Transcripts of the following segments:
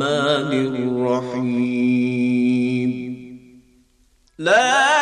الرحمن الرحيم لا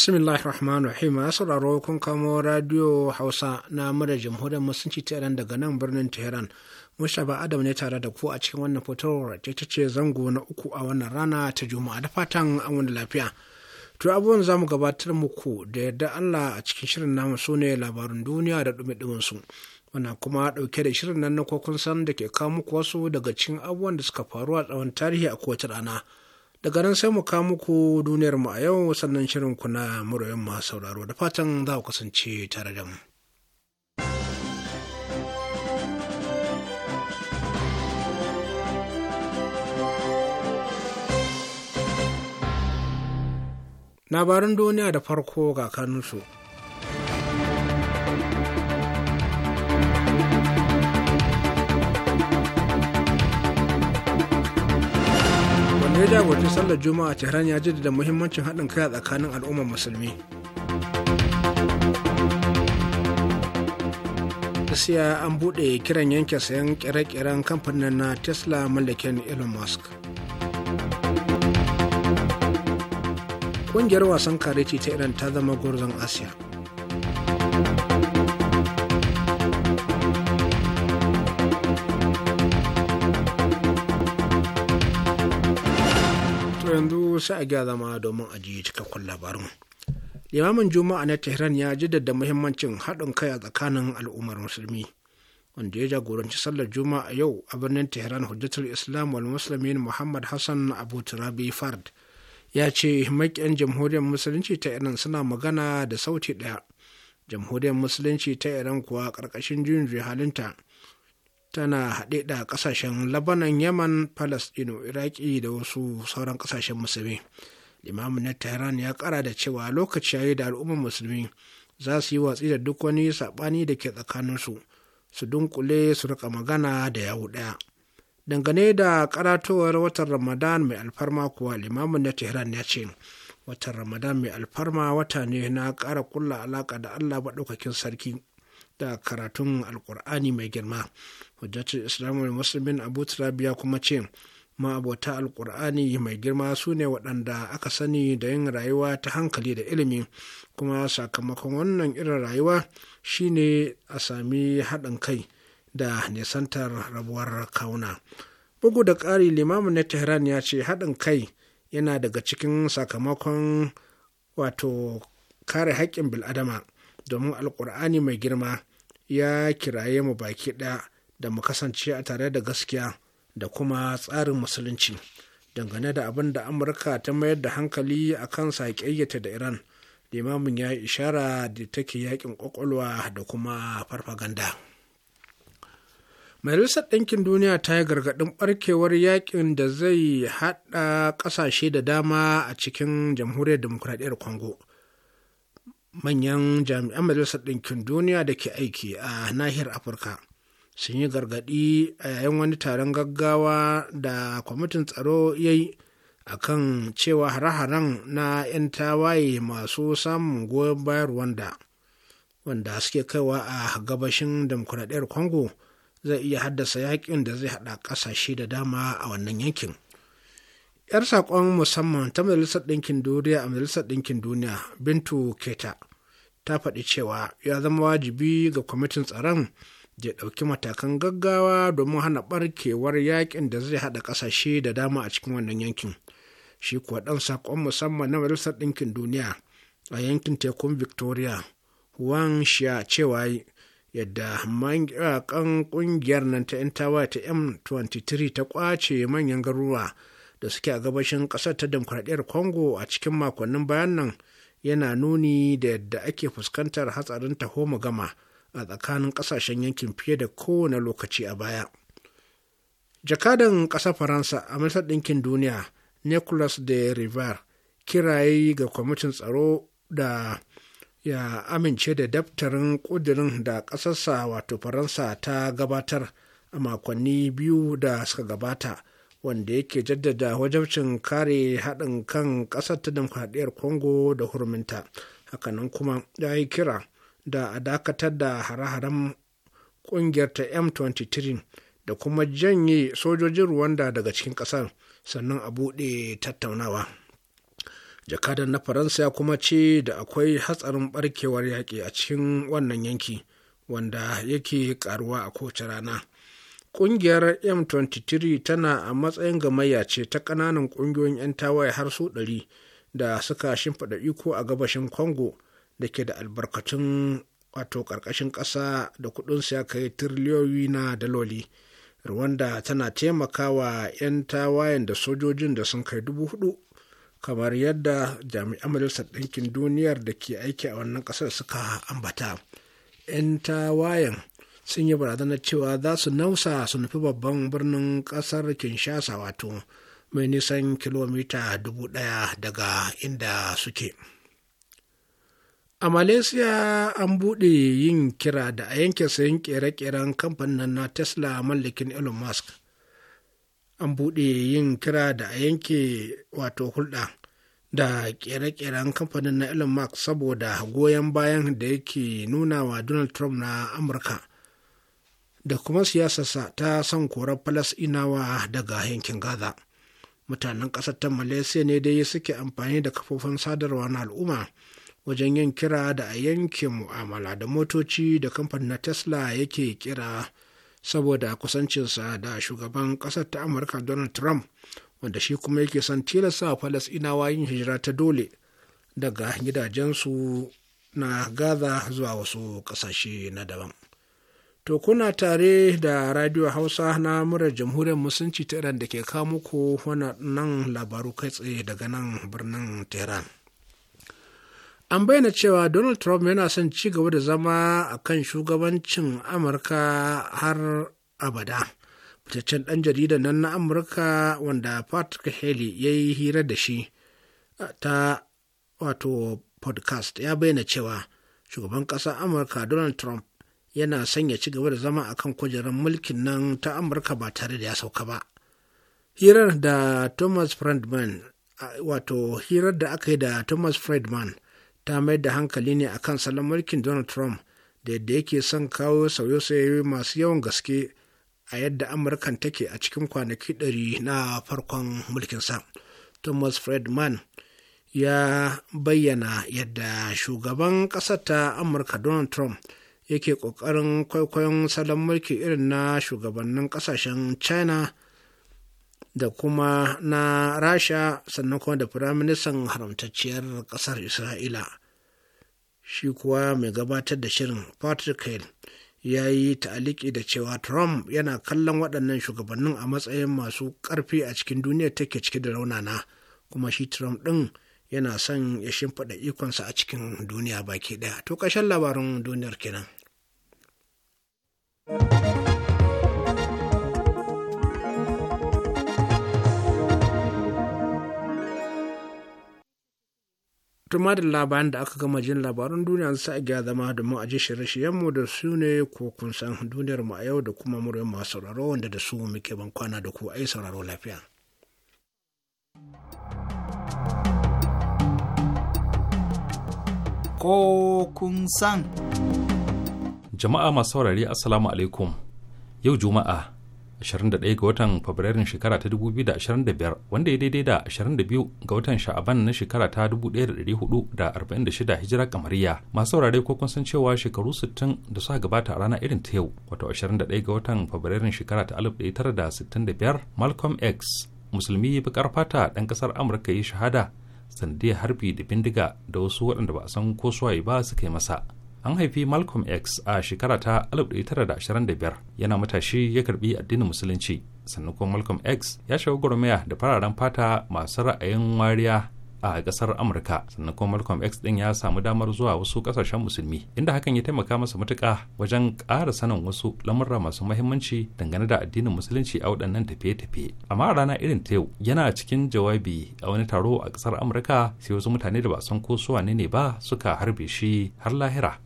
bismillahi rahman rahim a sauraro kun kamo radio hausa na mura jamhuriyar musulunci ta iran daga nan birnin tehran mushaba adam ne tare da ku a cikin wannan fitowar ta ce zango na uku a wannan rana ta juma'a da fatan an wani lafiya to abubuwan za mu gabatar muku da yadda allah a cikin shirin namu su ne labarin duniya da dumi su wannan kuma dauke da shirin nan na kokun san da ke kawo muku wasu daga cikin abubuwan da suka faru a tsawon tarihi a kowace rana daga nan sai mu kawo muku duniyar mu a yau sannan shirin ku na muryoyin masu sauraro da fatan za ku kasance tare da mu labaran duniya da farko ga kanunsu jagorci sallar juma'a tehran ya jaddada muhimmancin haɗin kai a tsakanin al'ummar musulmi gaskiya an buɗe kiran yanke sayan kire kiren kamfanin na tesla mallaken elon musk ƙungiyar wasan kareci ta iran ta zama gurzon asiya sai a gyara zama domin a ji cikakkun labarin limamin juma'a na tehran ya jaddada muhimmancin haɗin kai a tsakanin al'ummar musulmi wanda ya jagoranci sallar juma'a yau a birnin tehran hujjatar islam wal muslimin muhammad hassan abu turabi fard ya ce maƙiyan jamhuriyar musulunci ta iran suna magana da sauti ɗaya jamhuriyar musulunci ta iran kuwa ƙarƙashin juyin halinta tana haɗe da ƙasashen labanan yaman palestino iraki da wasu sauran ƙasashen musulmi limamin na tehran ya ƙara da cewa lokaci yayi da al'ummar musulmi za su yi watsi da duk wani saɓani da ke tsakaninsu su dunkule su rika magana da yawu ɗaya dangane da karatowar watan ramadan mai alfarma kuwa limamin na tehran ya ce watan ramadan mai alfarma wata ne na ƙara kulla alaƙa da allah maɗaukakin sarki da karatun alkur'ani mai girma islamu da Musulmin abu ya kuma ce ma'abota alkur'ani mai girma su ne waɗanda aka sani da yin rayuwa ta hankali da ilimi kuma sakamakon wannan irin rayuwa shine a sami haɗin kai da nisantar rabuwar kauna bugu da ƙari limamin na tehran ya ce haɗin kai yana daga cikin sakamakon wato kare haƙƙin bil'adama domin alkur'ani mai girma ya kiraye mu baki ɗaya da mu kasance a tare da gaskiya da kuma tsarin musulunci dangane da abin da amurka ta mayar da hankali a kansa ƙayyata da iran limamin ya yi ishara da take yakin kwakwalwa da kuma farfaganda majalisar ɗinkin duniya ta yi gargaɗin ɓarkewar yakin da zai haɗa ƙasashe da dama a cikin jamhuriyar demokuraɗiyyar congo manyan jami'an majalisar ɗinkin duniya da ke aiki a nahiyar afirka sun yi gargaɗi a yayin wani taron gaggawa da kwamitin tsaro ya yi a kan cewa hare-haren na 'yan tawaye masu samun goyon bayar wanda, wanda suke kaiwa a gabashin demokuraɗiyar congo zai iya haddasa yakin da zai haɗa ƙasashe da dama a wannan yankin. 'yar saƙon musamman ta majalisar ɗinkin duniya a majalisar ɗinkin duniya bintu keta ta faɗi cewa ya zama wajibi ga kwamitin tsaron zai ɗauki matakan gaggawa domin hana barkewar yakin da zai haɗa ƙasashe da dama a cikin wannan yankin shi kuwa ɗan saƙon musamman na majalisar ɗinkin duniya a yankin tekun victoria wang sha cewa yadda mayakan ƙungiyar nan ta intawa ta m23 ta ƙwace manyan garuruwa da suke a gabashin ƙasar ta demokuraɗiyar congo a cikin makonnin bayan nan yana nuni da yadda ake fuskantar hatsarin taho mu gama a tsakanin ƙasashen yankin fiye da kowane lokaci a baya jakadan ƙasar faransa a majalisar ɗinkin duniya nicolas de river kiraye ga kwamitin tsaro da ya amince da daftarin ƙudurin da ƙasarsa wato faransa ta gabatar a makonni biyu da suka gabata wanda yake jaddada wajabcin kare haɗin kan ƙasar ta demokradiyyar congo da hurminta hakanan kuma ya yi kira da a dakatar da hare-haren kungiyar ta m23 da kuma janye sojojin rwanda daga cikin ƙasar sannan a buɗe tattaunawa jakadar na faransa ya kuma ce da akwai hatsarin barkewar yaƙi a cikin wannan yanki wanda yake karuwa a kowace rana ƙungiyar m23 tana a matsayin gamayya ce ta ƙananan ƙungiyoyin 'yan tawaye har su ɗari da suka shimfiɗa iko a gabashin congo da ke da albarkatun wato ƙarƙashin ƙasa da kuɗinsu ya kai tiriliyoyi na daloli rwanda tana taimakawa 'yan tawayen da sojojin da sun kai dubu hudu kamar yadda jami'an majalisar ɗinkin duniyar da ke aiki a wannan ƙasar suka ambata 'yan tawayen sun yi barazana cewa za su nausa su nufi babban birnin ƙasar kinshasa wato mai nisan kilomita dubu ɗaya daga inda suke. a malaysia an buɗe yin kira da a yanke sayan kere-keren kamfanin na tesla mallakin elon musk an buɗe yin kira da a yanke wato hulɗa da kere-keren kamfanin na elon musk saboda goyon bayan da yake nuna wa donald trump na amurka da kuma siyasarsa ta son korar falasinawa daga yankin gaza mutanen ƙasar ta malaysia ne dai suke amfani da kafofin sadarwa na al'umma wajen yin kira da a yanke mu'amala da motoci da kamfanin na tesla yake kira saboda kusancinsa da shugaban ƙasar ta amurka donald trump wanda shi kuma yake son tilasta falasɗinawa yin hijira ta dole daga gidajensu na gaza zuwa wasu ƙasashe na daban to kuna tare da radio hausa na murar jamhuriyar musulunci ta iran da ke kawo muku nan labaru kai tsaye daga nan birnin tehran an bayyana cewa donald trump yana son ci gaba da zama a kan shugabancin amurka har abada fitaccen ɗan jarida nan na amurka wanda patrick haley ya yi hira da shi ta wato podcast ya bayyana cewa shugaban ƙasar amurka donald trump yana son ya ci gaba da zama a kan kujerar mulkin nan ta amurka ba tare da ya sauka ba hirar da thomas friedman wato hirar da aka yi da thomas friedman ta mai da hankali ne akan salon mulkin donald trump da yadda yake son kawo sauye-sauye masu yawan gaske a yadda amurkan take a cikin kwanaki ɗari na farkon mulkinsa thomas fredman ya bayyana yadda shugaban ƙasar ta amurka donald trump yake ƙoƙarin kwaikwayon salon mulki irin na shugabannin ƙasashen china da kuma na rasha sannan kuma da firaministan haramtacciyar ƙasar isra'ila shi kuwa mai gabatar da shirin patrick hale ya yi ta'aliki da cewa trump yana kallon waɗannan shugabannin a matsayin masu ƙarfi a cikin duniyar take cike da raunana kuma shi trump ɗin yana son ya shimfiɗa ikonsa a cikin duniya baki ɗaya to Labarun labarin duniyar kenan. tuma da labaran da aka gama jin labaran duniya sa a gya zama domin a ji shirye mu da su ne ko kun san duniyar mu a yau da kuma muryar masu sauraro wanda da su muke ban kwana da ku ai sauraro lafiya. Ko kun san. Jama'a masu saurare Assalamu alaikum. Yau Juma'a 21 ga watan fabrairun shekara ta 2025 wanda ya daidai da 22 ga watan sha'aban na shekara ta 1446 hijira kamariya masu saurare ko kun san cewa shekaru 60 da suka gabata a rana irin ta yau wato 21 ga watan fabrairun shekara ta 1965 malcolm x musulmi bakar fata ɗan ƙasar amurka ya shahada sanadiyar harbi da bindiga da wasu waɗanda ba a san ko suwaye ba suka yi masa an haifi malcolm x a shekara ta 1925 yana matashi ya karbi addinin musulunci sannan kuma malcolm x ya shiga gwarmaya da fararen fata masu ra'ayin wariya a kasar amurka sannan kuma malcolm x din ya samu damar zuwa wasu kasashen musulmi inda hakan ya taimaka masa matuka wajen ƙara sanin wasu lamurra masu mahimmanci dangane da addinin musulunci a waɗannan tafiye-tafiye amma a rana irin ta yau yana cikin jawabi a wani taro a kasar amurka sai wasu mutane da ba san ko su ne ba suka harbe shi har lahira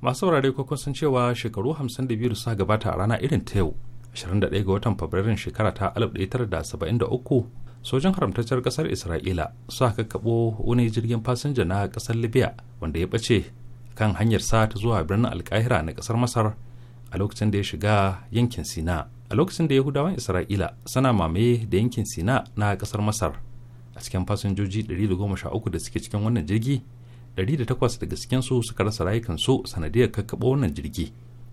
masu wurare kwakwa sun cewa shekaru 52 da suka gabata a rana irin ta yau 21 ga watan fabrairun shekara ta 1973 sojin haramtacciyar kasar isra'ila suka kakkaɓo wani jirgin fasinja na kasar libya wanda ya ɓace kan hanyar sa ta zuwa birnin alkahira na kasar masar a lokacin da ya shiga yankin sina a lokacin da yahudawan isra'ila suna mamaye da yankin sina na kasar masar a cikin fasinjoji 113 da suke cikin wannan jirgi 108 daga su suka rasa rayukansu sanadiyar kakkaɓo wannan jirgi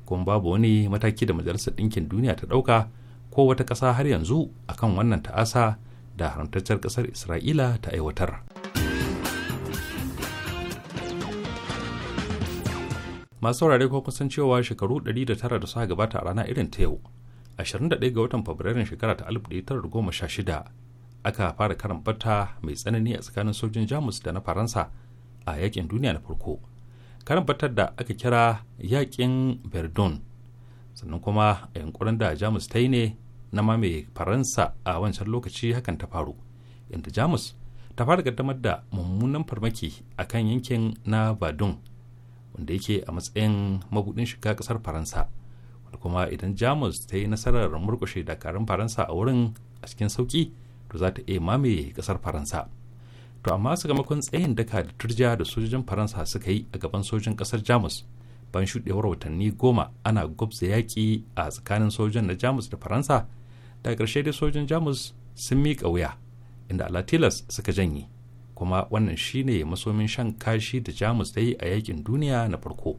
kuma babu wani mataki da majalisar ɗinkin duniya ta ɗauka ko wata ƙasa har yanzu akan wannan ta'asa da haramtaccen ƙasar isra'ila ta aiwatar masu saurare ko kusan cewa shekaru 109 da suka gabata a rana irin ta yau 21 ga watan fabrairun shekara ta 1916 aka fara karan mai tsanani a tsakanin sojin jamus da na faransa a yakin duniya na farko karan batar da aka kira yakin verdun sannan kuma a yankuran da jamus ta yi ne na mamaye faransa a wancan lokaci hakan ta faru inda jamus ta fara kaddamar da mummunan farmaki a kan yankin na badun wanda yake a matsayin mabudin shiga kasar faransa wanda kuma idan jamus ta yi nasarar murkushe dakarun faransa a wurin a cikin sauki to za ta iya mamaye kasar faransa to amma sakamakon tsayin daka da turja da sojojin faransa suka yi a gaban sojin kasar jamus ban shuɗewar watanni goma ana gwabza yaƙi a tsakanin sojan na jamus da faransa da ƙarshe dai sojan jamus sun miƙa wuya inda alatilas suka janye kuma wannan shine masomin shan kashi da jamus ta yi a yaƙin duniya na farko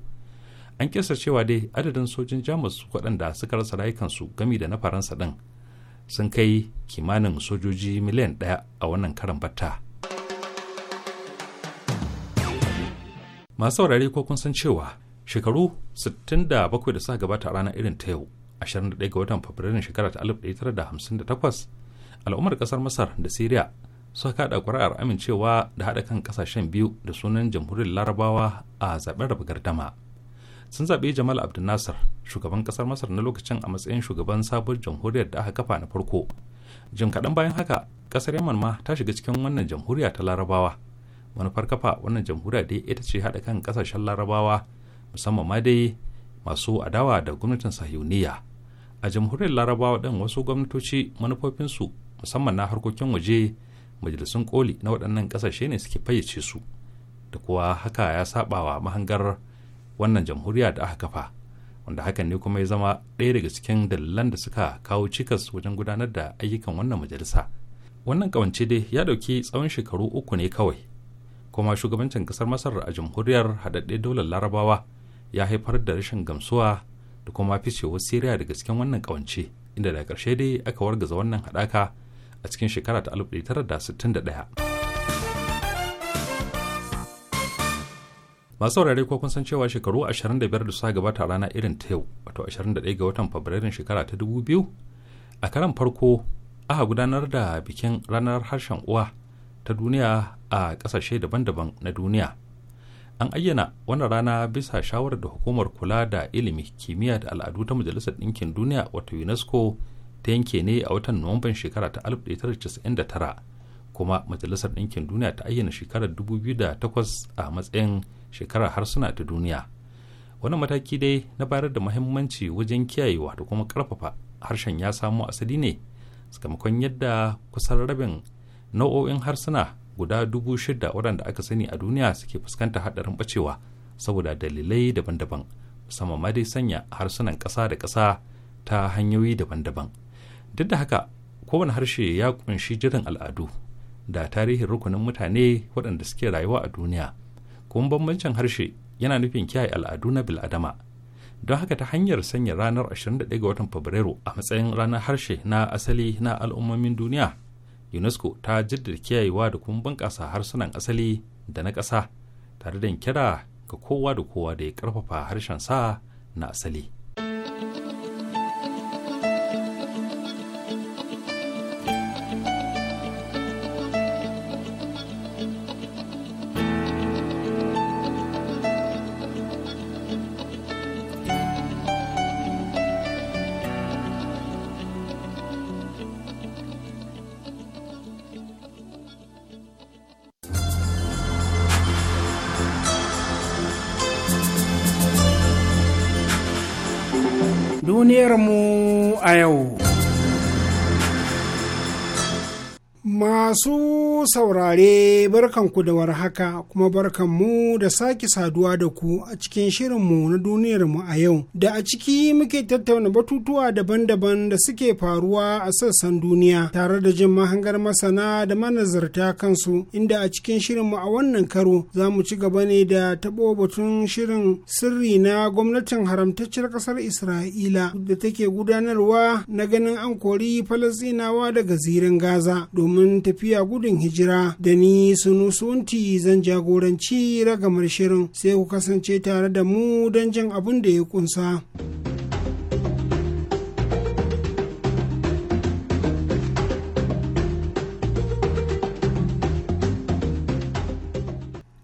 an kisa cewa dai adadin sojin jamus waɗanda suka rasa rayukansu gami da na faransa ɗin sun kai kimanin sojoji miliyan ɗaya a wannan karan batta masu saurari ko kun san cewa shekaru 67 da suka gabata a ranar irin ta yau 21 ga watan fabrairun shekara ta 1958 al'ummar kasar masar da siriya suka kada kuri'ar amincewa da haɗa kan kasashen biyu da sunan jamhuriyar larabawa a zaben raba gardama sun zaɓi jamal abdul nasir shugaban kasar masar na lokacin a matsayin shugaban sabon jamhuriyar da aka kafa na farko jim kaɗan bayan haka ƙasar yaman ma ta shiga cikin wannan jamhuriya ta larabawa manufar kafa wannan jamhuriya dai ita ce haɗa kan ƙasashen larabawa musamman ma dai masu adawa da gwamnatin sahiyuniya a jamhuriyar larabawa ɗin wasu gwamnatoci manufofinsu musamman na harkokin waje majalisun koli na waɗannan kasashe ne suke fayyace su da kuwa haka ya sabawa mahangar wannan jamhuriya da aka kafa wanda hakan ne kuma ya zama ɗaya daga cikin dalilan da suka kawo cikas wajen gudanar da ayyukan wannan majalisa wannan kawance dai ya ɗauki tsawon shekaru uku ne kawai kuma shugabancin kasar masar a jamhuriyar haɗaɗɗe dolar larabawa ya haifar da rashin gamsuwa da kuma ficewar siriya daga cikin wannan kawance inda daga ƙarshe dai aka wargaza wannan haɗaka a cikin shekara ta 1961 masu saurare ko kun san cewa shekaru 25 da suka gabata rana irin ta yau wato 21 ga watan fabrairun shekara ta 2000 a karan farko aka gudanar da bikin ranar harshen uwa ta duniya a ƙasashe daban-daban na duniya an ayyana wani rana bisa shawarar da hukumar kula da ilimi kimiyya da al'adu ta majalisar ɗinkin duniya wato unesco ta yanke ne a watan nuwamban shekara ta 1999 kuma majalisar ɗinkin duniya ta ayyana shekarar 2008 a matsayin shekarar harsuna ta duniya wani mataki dai na bayar da muhimmanci wajen kiyaye da kuma karfafa harshen ya samo asali ne sakamakon yadda kusan rabin nau'o'in harsuna guda dubu shida waɗanda aka sani a duniya suke fuskantar haɗarin ɓacewa saboda dalilai daban-daban musamman ma dai sanya harsunan ƙasa da ƙasa ta hanyoyi daban-daban duk da haka kowane harshe ya kunshi jirin al'adu da tarihin rukunin mutane waɗanda suke rayuwa a duniya kuma bambancin harshe yana nufin kiyaye al'adu na bil'adama don haka ta hanyar sanya ranar 21 ga watan fabrairu a matsayin ranar harshe na asali na al'ummomin duniya unesco ta jaddada kiyayewa da kuma bunƙasa harsunan asali da na ƙasa tare da kira ga kowa da kowa da ya ƙarfafa harshen sa na asali a yau. Masu saurare barkanku da warhaka kuma barkanmu da sake saduwa da ku a cikin shirinmu na duniyarmu a yau da a ciki muke tattauna batutuwa daban-daban da suke faruwa a sassan duniya tare da jin mahangar masana da manazarta kansu inda a cikin shirinmu a wannan karo za mu ci gaba ne da taɓo batun shirin sirri na gwamnatin haramtacciyar ƙasar isra'ila da take gudanarwa na ganin an kori falasinawa daga zirin gaza domin tafiya gudun hijira jira da ni sunu sunti zan jagoranci ragamar shirin sai ku kasance tare da mu don jan abin da ya kunsa.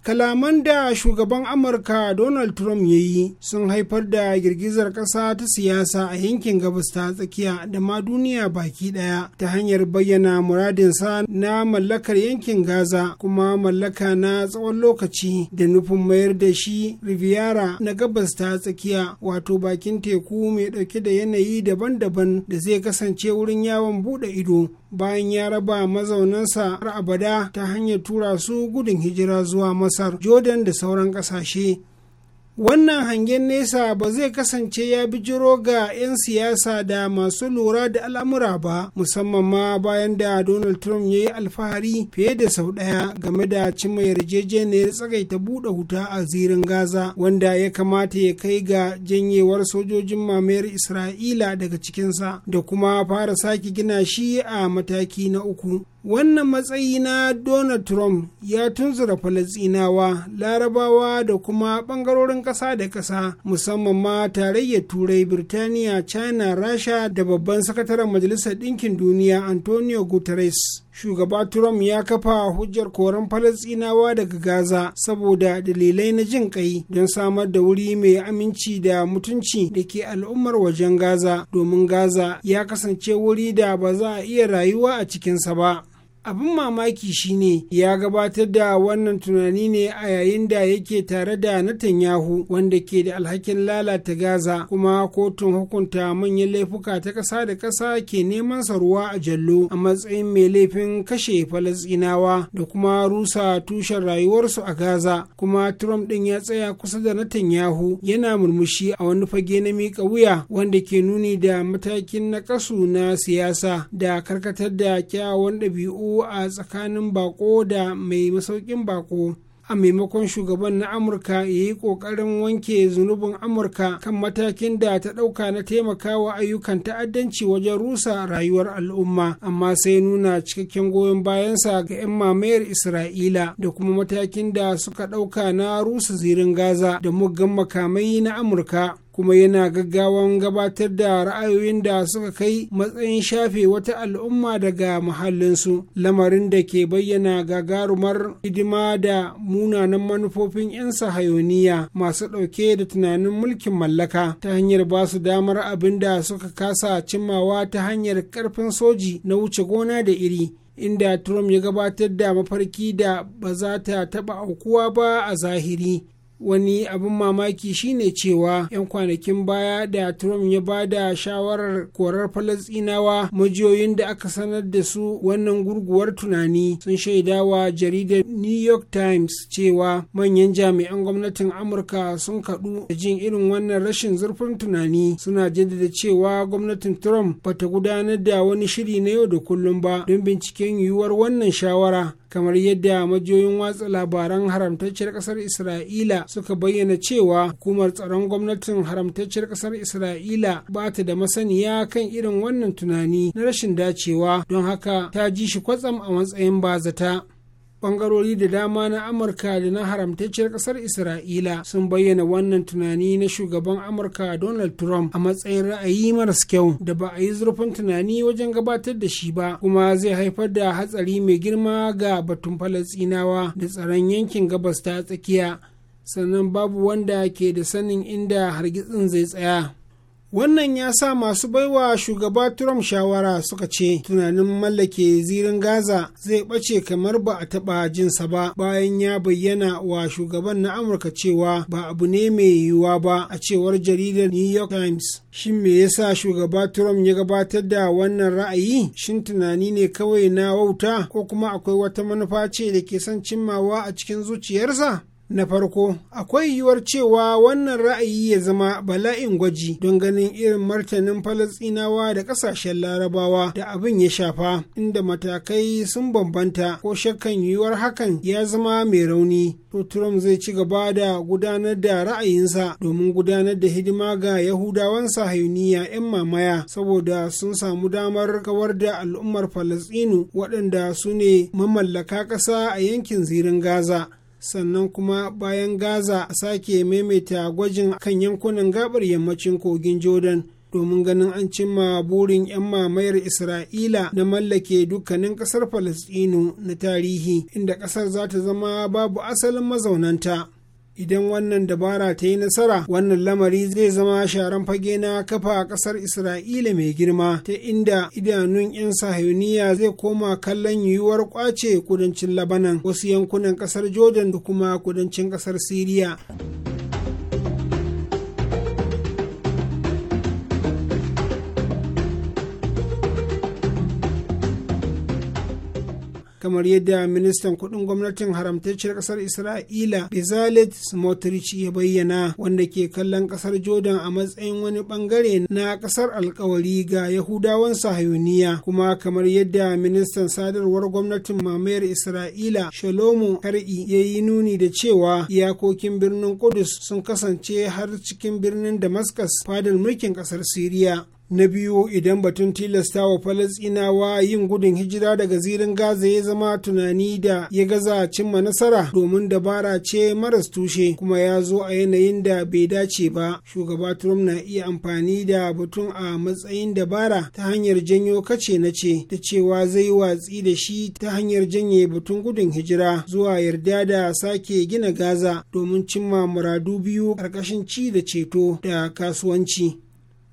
kalaman da shugaban amurka donald trump ya yi sun haifar da girgizar ƙasa ta siyasa a yankin gabas ta tsakiya da ma duniya baki ɗaya ta hanyar bayyana muradinsa na mallakar yankin gaza kuma mallaka na tsawon lokaci da nufin mayar da shi riviera na gabas ta tsakiya wato bakin teku mai ɗauke da yanayi daban-daban da zai kasance wurin yawon buɗe ido bayan ya raba mazaunansa har abada ta hanyar tura su gudun hijira zuwa masar jordan da sauran ƙasashe wannan hangen nesa ba zai kasance ya bijiro ga 'yan siyasa da masu lura da al'amura ba musamman ma bayan da donald trump ya yi alfahari fiye da sau ɗaya game da cimma yarjejeniyar tsagaita buɗe wuta a zirin gaza wanda ya kamata ya kai ga janyewar sojojin mamayar isra'ila daga cikinsa da kuma fara sake gina shi a mataki na uku wannan matsayi na donald trump ya tunzura falasinawa larabawa da kuma ɓangarorin ƙasa da ƙasa musamman ma tarayyar turai birtaniya china rasha da babban sakataren majalisar ɗinkin duniya antonio guterres shugaba Trump ya kafa hujjar koren falasinawa daga Gaza saboda dalilai na jin kai don samar da wuri mai aminci da mutunci da ke al'ummar wajen Gaza domin Gaza ya kasance wuri da ba za a iya rayuwa a cikinsa ba. abin mamaki shine ya gabatar da wannan tunani ne a yayin da yake tare da Netanyahu wanda ke da alhakin lalata Gaza kuma kotun hukunta manyan laifuka ta ƙasa da ƙasa ke neman saruwa a jallo a matsayin mai laifin kashe Falasɗinawa da kuma rusa tushen rayuwarsu a Gaza kuma Trump ɗin ya tsaya kusa da Netanyahu yana murmushi a wani fage na miƙa wuya wanda ke nuni da matakin na na siyasa da karkatar da kyawawan ɗabi'u a tsakanin bako da mai masaukin bako a maimakon shugaban na amurka ya yi kokarin wanke zunubin amurka kan matakin da ta ɗauka na taimakawa ayyukan ta'addanci wajen rusa rayuwar al'umma amma sai nuna cikakken goyon bayansa ga 'yan mamayar isra'ila da kuma matakin da suka ɗauka na rusa zirin gaza da muggan makamai na amurka kuma yana gaggawan gabatar da ra'ayoyin da suka kai matsayin shafe wata al'umma daga muhallinsu, lamarin da ke bayyana gagarumar hidima da munanan manufofin 'yan sahayoniya masu ɗauke da tunanin mulkin mallaka ta hanyar ba su damar abin da suka kasa cimmawa ta hanyar karfin soji na wuce gona da iri inda Trump ya gabatar da mafarki da ba za ta taɓa aukuwa ba a zahiri wani abin mamaki shine cewa 'yan kwanakin baya da trump ya ba da shawarar korar falasinawa majiyoyin da aka sanar da su wannan gurguwar tunani sun shaidawa jaridar new york times cewa manyan jami'an gwamnatin amurka sun kaɗu da jin irin wannan rashin zurfin tunani suna jaddada cewa gwamnatin trump bata gudanar da wani shiri na yau da kullum ba don binciken yiwuwar wannan shawara kamar yadda majiyoyin watsa labaran haramtacciyar kasar isra'ila suka bayyana cewa hukumar tsaron gwamnatin haramtacciyar kasar isra'ila ba ta da masaniya kan irin wannan tunani na rashin dacewa don haka ta ji shi kwatsam a matsayin bazata bangarori da dama na amurka da na haramtacciyar kasar isra'ila sun bayyana wannan tunani na shugaban amurka donald trump a matsayin ra'ayi maras kyau da ba a yi zurfin tunani wajen gabatar da shi ba kuma zai haifar da hatsari mai girma ga batun falasinawa da tsaron yankin gabas ta tsakiya sannan babu wanda ke da sanin inda hargitsin zai tsaya wannan ya sa masu baiwa shugaba trump shawara suka ce tunanin mallake zirin gaza zai ɓace kamar ba a taɓa jinsa ba bayan ya bayyana wa shugaban na amurka cewa ba abu ne mai yiwuwa ba a cewar jaridar new york times shin me yasa shugaba trump ya gabatar da wannan ra'ayi shin tunani ne kawai na wauta ko kuma akwai wata manufa ce da ke son cimmawa a cikin zuciyarsa Na farko, akwai yiwuwar cewa wannan ra'ayi ya zama bala'in gwaji don ganin irin martanin Falasɗinawa da ƙasashen Larabawa da abin ya shafa, inda matakai sun bambanta ko shakkan yiwuwar hakan ya zama mai rauni. To zai ci gaba da gudanar da ra'ayinsa domin gudanar da hidima ga Yahudawan sahayuniya 'yan mamaya saboda sun samu damar kawar da al'ummar Falasɗinu waɗanda su ne mamallaka ƙasa a yankin zirin Gaza. sannan kuma bayan gaza a sake maimaita gwajin kan yankunan gabar yammacin kogin jordan domin ganin an cimma burin 'yan mamayar isra'ila na mallake dukkanin kasar falastinu na tarihi inda kasar za ta zama babu asalin mazaunanta idan wannan dabara ta yi nasara wannan lamari zai zama sharan fage na kafa a ƙasar isra'ila mai girma ta inda idanun 'yan sahiyoniya zai koma kallon yiwuwar kwace kudancin labanan wasu yankunan ƙasar jordan da kuma kudancin ƙasar siriya kamar yadda ministan kudin gwamnatin haramtacciyar kasar isra'ila bezalet smotrich ya bayyana wanda ke kallon kasar jordan a matsayin wani bangare na kasar alkawari ga yahudawan sahayuniya kuma kamar yadda ministan sadarwar gwamnatin mamayar isra'ila shalomo kar'i ya yi nuni da cewa iyakokin birnin kudus sun kasance har cikin birnin damascus fadar mulkin kasar siriya na biyu idan batun tilasta wa falasinawa yin gudun hijira daga zirin gaza ya zama tunani da ya gaza cimma nasara domin dabara ce maras tushe kuma ya zo a yanayin da bai dace ba shugaba trump na iya amfani da batun a matsayin dabara ta hanyar janyo kace na ce da cewa zai watsi da shi ta hanyar janye batun gudun hijira zuwa yarda da sake gina gaza domin cimma muradu biyu ƙarƙashin ci da ceto da kasuwanci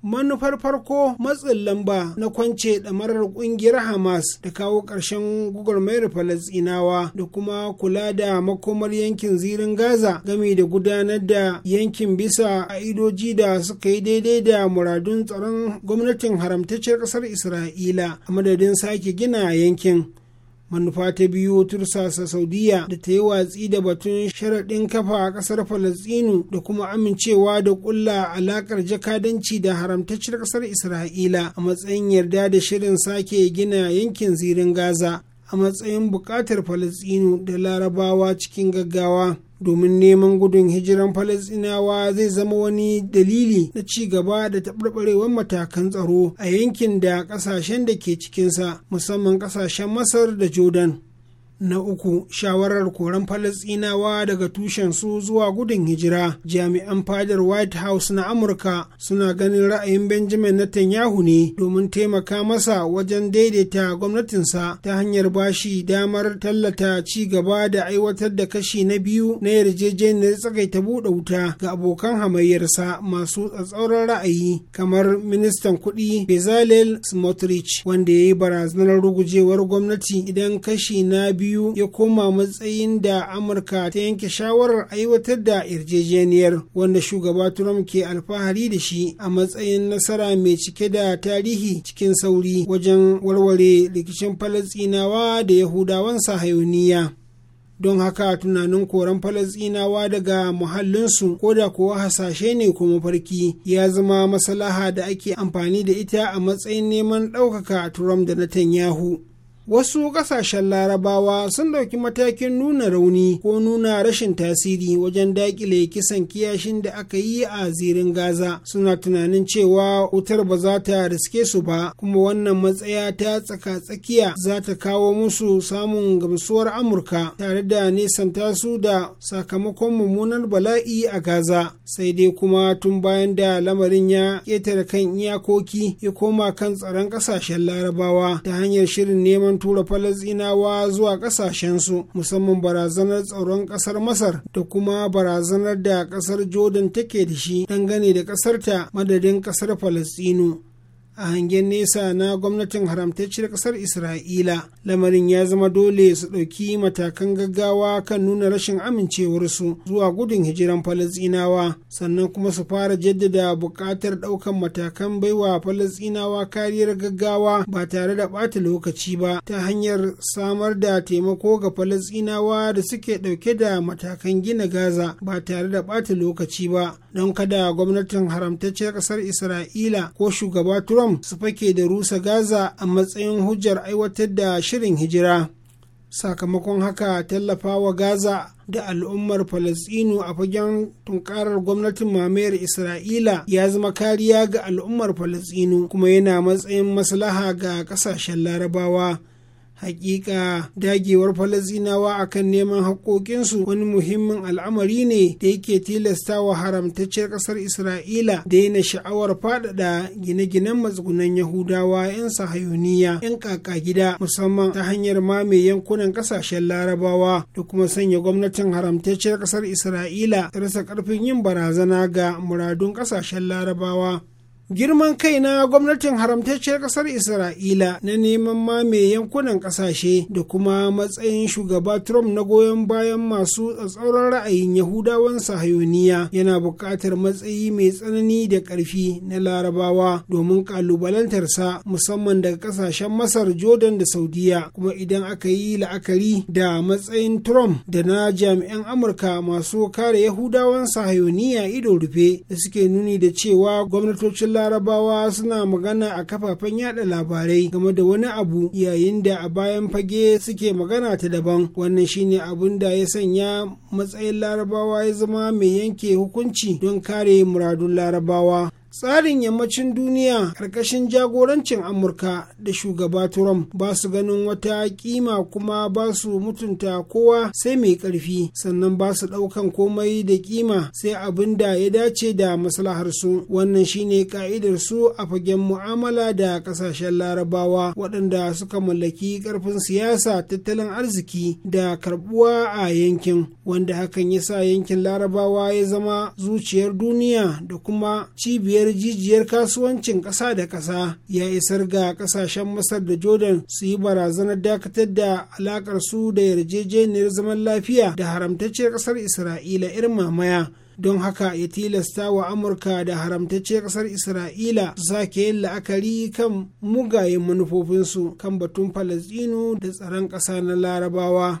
manufar farko matsin lamba na kwance ɗamarar ƙungiyar hamas da kawo ƙarshen gwagwarmayar falasɗinawa da kuma kula da makomar yankin zirin gaza game da gudanar da yankin bisa a idoji da suka yi daidai da muradun tsaron gwamnatin haramtaccen ƙasar isra'ila a madadin sake gina yankin manufa ta biyu tursasa saudiya da ta yi watsi da batun sharaɗin kafa a ƙasar falastinu da kuma amincewa da ƙulla alaƙar jakadanci da haramtacciyar ƙasar isra'ila a matsayin yarda da shirin sake gina yankin zirin gaza a matsayin buƙatar falastinu da larabawa cikin gaggawa domin neman gudun hijiran falasinawa zai zama wani dalili na ci gaba da taɓarɓarewar matakan tsaro a yankin da ƙasashen da ke cikinsa musamman ƙasashen masar da jordan Na uku, shawarar koran Falasɗinawa daga tushen su zuwa gudun hijira. Jami'an fadar White House na Amurka suna ganin ra'ayin Benjamin Netanyahu ne domin taimaka masa wajen daidaita gwamnatinsa ta hanyar bashi damar tallata ci gaba da aiwatar da kashi na biyu na yarjejeniyar tsagaita buɗe wuta ga abokan hamayyarsa masu tsatsauran ra'ayi kamar ministan kuɗi Bezalel Smotrich wanda ya yi barazanar rugujewar gwamnati idan kashi na biyu biyu ya koma matsayin da amurka ta yanke shawarar aiwatar da yarjejeniyar wanda shugaba trump ke alfahari da shi a matsayin nasara mai cike da tarihi cikin sauri wajen warware rikicin falasinawa da yahudawan sahayoniya don haka tunanin koran falasinawa daga muhallinsu ko da kuwa hasashe ne kuma farki ya zama masalaha da ake amfani da ita a matsayin neman ɗaukaka a trump da netanyahu Wasu ƙasashen larabawa sun ɗauki matakin nuna rauni ko nuna rashin tasiri wajen daƙile kisan kiyashin da aka yi a zirin Gaza suna tunanin cewa wutar ba za ta riske su ba kuma wannan matsaya ta tsaka-tsakiya za ta kawo musu samun gamsuwar Amurka tare da nisan tasu da sakamakon mummunar bala'i a Gaza sai dai kuma tun bayan da lamarin ya ƙetare kan iyakoki ya koma kan tsaron ƙasashen larabawa ta hanyar shirin neman shirin tura falasinawa zuwa kasashensu musamman barazanar tsaron kasar masar da kuma barazanar da kasar jordan take da shi dangane da kasarta madadin kasar falasinu a hangen nesa na gwamnatin haramtacciyar ƙasar isra'ila lamarin ya zama dole su ɗauki matakan gaggawa kan nuna rashin amincewarsu zuwa gudun hijiran falasɗinawa sannan kuma su fara jaddada buƙatar ɗaukan matakan baiwa falasɗinawa kariyar gaggawa ba tare da ɓata lokaci ba ta hanyar samar da taimako ga falasɗinawa da suke ɗauke da matakan gina gaza ba tare da ɓata lokaci ba don kada gwamnatin haramtacciyar ƙasar isra'ila ko shugaba trump su fake da rusa gaza a matsayin hujjar aiwatar da shirin hijira sakamakon haka tallafawa gaza da al'ummar falasinu a fagen tunkarar gwamnatin mamayar isra'ila ya zama kariya ga al'ummar falasinu kuma yana matsayin maslaha ga ƙasashen larabawa hakika dagewar falasinawa akan neman haƙoƙinsu wani muhimmin al'amari ne da yake tilastawa haramtacciyar ƙasar isra'ila daina sha'awar faɗaɗa gine-ginen matsugunan yahudawa 'yan sahayuniya 'yan kaka gida musamman ta hanyar mame yankunan ƙasashen larabawa da kuma sanya gwamnatin haramtacciyar ƙasar isra'ila ta rasa ƙarfin yin barazana ga muradun ƙasashen larabawa girman kai na gwamnatin haramtacciyar ƙasar isra'ila na neman mame yankunan ƙasashe, da kuma matsayin shugaba trump na goyon bayan masu tsatsauran ra'ayin yahudawan sahayoniya yana buƙatar matsayi mai tsanani da ƙarfi na larabawa domin ƙalubalantarsa musamman daga ƙasashen masar jordan da saudiya kuma idan aka yi la'akari da matsayin trump da na jami'an amurka masu kare yahudawan sahayoniya ido rufe da suke nuni da cewa gwamnatocin larabawa suna magana a kafafen yada labarai game da wani abu yayin da a bayan fage suke magana ta daban wannan shine abin da ya sanya matsayin larabawa ya zama mai yanke hukunci don kare muradun larabawa tsarin yammacin duniya ƙarƙashin jagorancin amurka da shugaba trump ba su ganin wata kima kuma ba su mutunta kowa sai mai ƙarfi sannan ba su ɗaukan komai da kima sai abin da ya dace da maslaharsu wannan shine ka'idar su a fagen mu'amala da ƙasashen larabawa waɗanda suka mallaki ƙarfin siyasa tattalin arziki da karɓuwa a yankin wanda hakan ya sa yankin larabawa ya zama zuciyar duniya da kuma cibiyar Yarjejiyar kasuwancin ƙasa da ƙasa ya isar ga ƙasashen masar da jordan su yi barazanar dakatar da alaƙar su da yarjejeniyar zaman lafiya da haramtacciyar ƙasar isra'ila irin mamaya don haka ya tilasta wa amurka da haramtacciyar ƙasar isra'ila su sake yin la'akari kan mugayen manufofinsu kan batun falasɗinu da tsaron ƙasa na larabawa.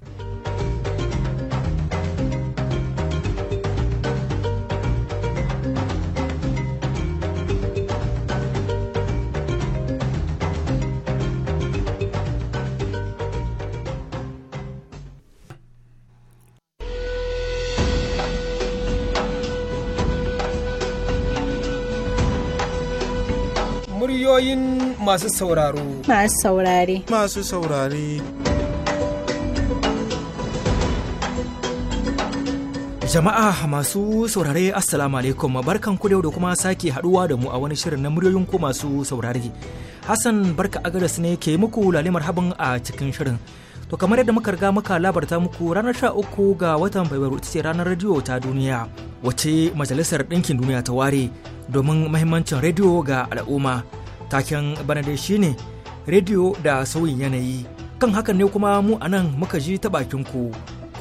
Muryoyin masu sauraro. Masu saurare. Masu saurare. Jama'a masu saurare Assalamu alaikum barkan ku da kuma sake haduwa da mu a wani shirin na muryoyin ku masu saurare. Hassan barka agaras ne ke muku lalimar habin a cikin shirin. To kamar yadda muka riga muka labarta muku ranar sha ga watan Fabrairu ita ce ranar rediyo ta duniya wace Majalisar Ɗinkin Duniya ta ware domin mahimmancin rediyo ga al'umma. taken bana shi shine rediyo da sauyin yanayi kan hakan ne kuma mu a nan muka ji ta bakin ku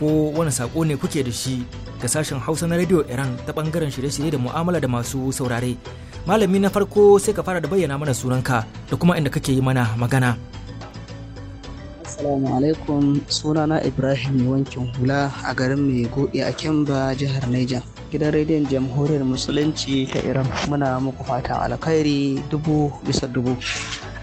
ko wani sako ne kuke da shi ga sashen hausa na rediyo iran ta ɓangaren shirye-shirye da mu'amala da masu saurare malami na farko sai ka fara da bayyana mana sunanka da kuma inda kake yi mana magana Assalamu alaikum sunana Ibrahim wankin hula a garin mai Maigode a Kemba jihar Niger. gidan rediyon jamhuriyar musulunci ta iran muna muku fata alkhairi dubu bisa dubu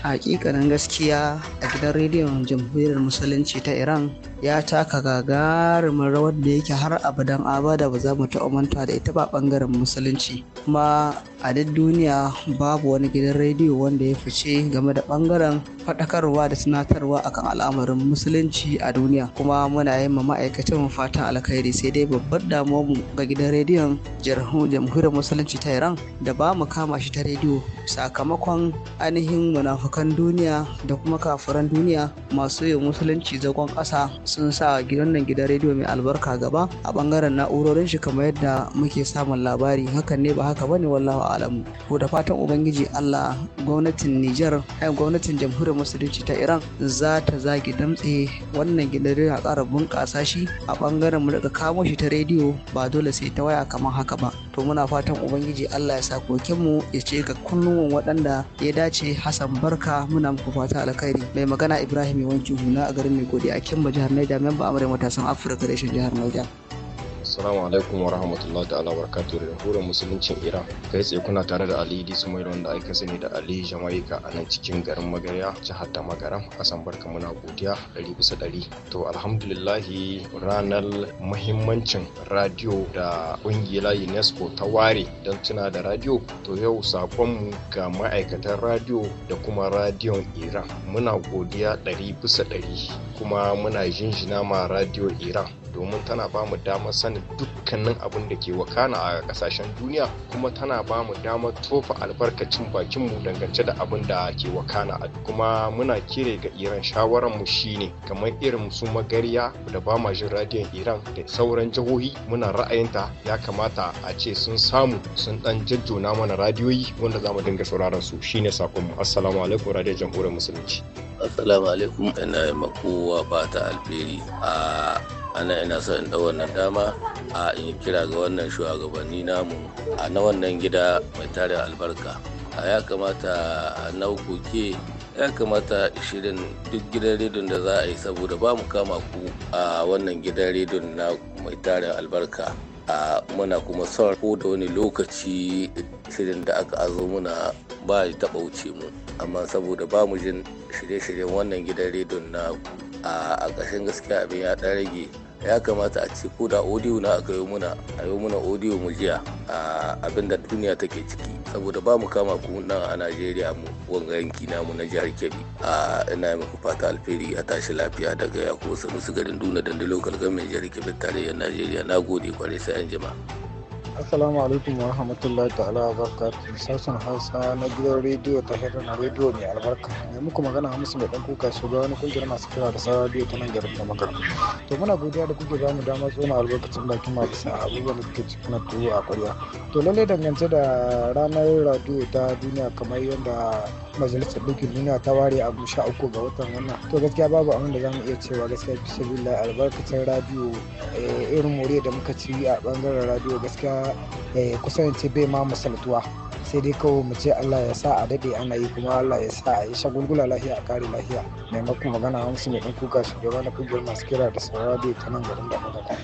hakikanin gaskiya a gidan rediyon jamhuriyar musulunci ta iran ya taka gagarumin rawar da yake har abadan abada ba za mu taɓa manta da ita ba ɓangaren musulunci kuma a duk duniya babu wani gidan rediyo wanda ya fice game da ɓangaren faɗakarwa da tunatarwa akan al'amarin musulunci a duniya kuma muna yin ma ma'aikacin fatan alkhairi sai dai babbar damuwar ga gidan rediyon jamhuriyar musulunci ta iran da ba mu kama shi ta rediyo sakamakon ainihin munafukan duniya da kuma kafuran duniya masu yin musulunci zagon ƙasa sun sa gidan nan gidan rediyo mai albarka gaba a bangaren na'urorin shi kamar yadda muke samun labari hakan ne ba haka ba ne wallahu alamu ko da fatan ubangiji Allah gwamnatin Nijar ai eh, gwamnatin jamhuriyar musulunci ta Iran za ta zagi damtse wannan gidan rediyo a ƙara bunƙasa shi a bangaren mu daga kamo shi ta rediyo ba dole sai ta waya kamar haka ba to muna fatan ubangiji Allah ya sa mu ya ce ga kullum waɗanda ya dace Hassan Barka muna muku fata alkhairi mai magana Ibrahim Yawanci Huna a garin mai Maigode a Kimba jihar Niger memba amurai matasan Afirka reshen jihar Niger. Assalamu alaikum wa rahmatullah ta'ala wa barakatuhu da hukumar musuluncin Iran. Kai tsaye kuna tare da Ali Disumai wanda aka sani da Ali Jamaika a nan cikin garin Magarya, jihar da Magaram. Asan barka muna godiya ɗari bisa ɗari. To alhamdulillahi ranar muhimmancin radiyo da ƙungiyar UNESCO ta ware don tuna da radiyo. To yau sakon ga ma'aikatan radiyo da kuma radiyon Iran. Muna godiya ɗari bisa ɗari kuma muna jinjina ma radio Iran. domin tana ba mu damar sanin dukkanin abin da ke wakana a kasashen duniya kuma tana ba mu damar tofa albarkacin bakinmu dangance da abin da ke wakana a kuma muna kire ga iran shawarar mu shine kamar irin su magariya da ba ma jin radiyon iran da sauran jihohi muna ra'ayinta ya kamata a ce sun samu sun dan jajjona mana radiyoyi wanda za mu dinga sauraron su shine sakon mu assalamu alaikum radiyon jamhuriyar musulunci assalamu alaikum ina yi makowa ta alheri a ana ina son in ɗau wannan dama a in kira ga wannan shugabanni namu a na wannan gida mai tarin albarka a ya kamata a na ke ya kamata shirin duk gidan rediyon da za a yi saboda ba mu kama ku a wannan gidan rediyon na mai tarin albarka a muna kuma son ko da wani lokaci shirin da aka azo muna ba ya taɓa wuce mu amma saboda ba mu jin shirye-shiryen wannan gidan rediyon na a ƙarshen gaskiya abin ya ɗan rage ya kamata a ce ko da odiyo na aka yi muna a yi muna odiyo mu jiya a abin da duniya take ciki saboda ba mu kama ku nan a najeriya mu wanga yanki namu na jihar kebbi a ina muku fata alferi a tashi lafiya daga yakubu sanusi garin duna dandalo kalgamin jihar kebbi tarayyar najeriya na gode kwarai sai an jima. Assalamu alaikum wa rahmatullahi ta'ala wa barakatuh. Sashen Hausa na gidan rediyo ta hirar na rediyo mai albarka. ya muku magana musu mai dan kuka shugaba na kungiyar masu kira da sauran rediyo ta nan garin makar. To muna godiya da kuke bamu dama tsoma albarkacin bakin masu bisa abubuwan da kuke cikin na tuwo a kwarya. To lallai dangance da ranar radiyo ta duniya kamar yadda majalisar ɗaukin duniya ta ware abu sha uku ga watan wannan to gaskiya babu abin da zamu iya cewa gaskiya bisa billa albarkacin radio eh, irin more da muka ci a bangaren radio gaskiya eh, kusan ce bai ma misaltuwa sai dai kawai mu ce Allah ya sa a daɗe ana yi kuma Allah ya sa a yi shagulgula lahiya a kare lahiya maimakon magana su mai kuka kuka shugaba na kungiyar masu kira da sauraro ta nan garin da kai.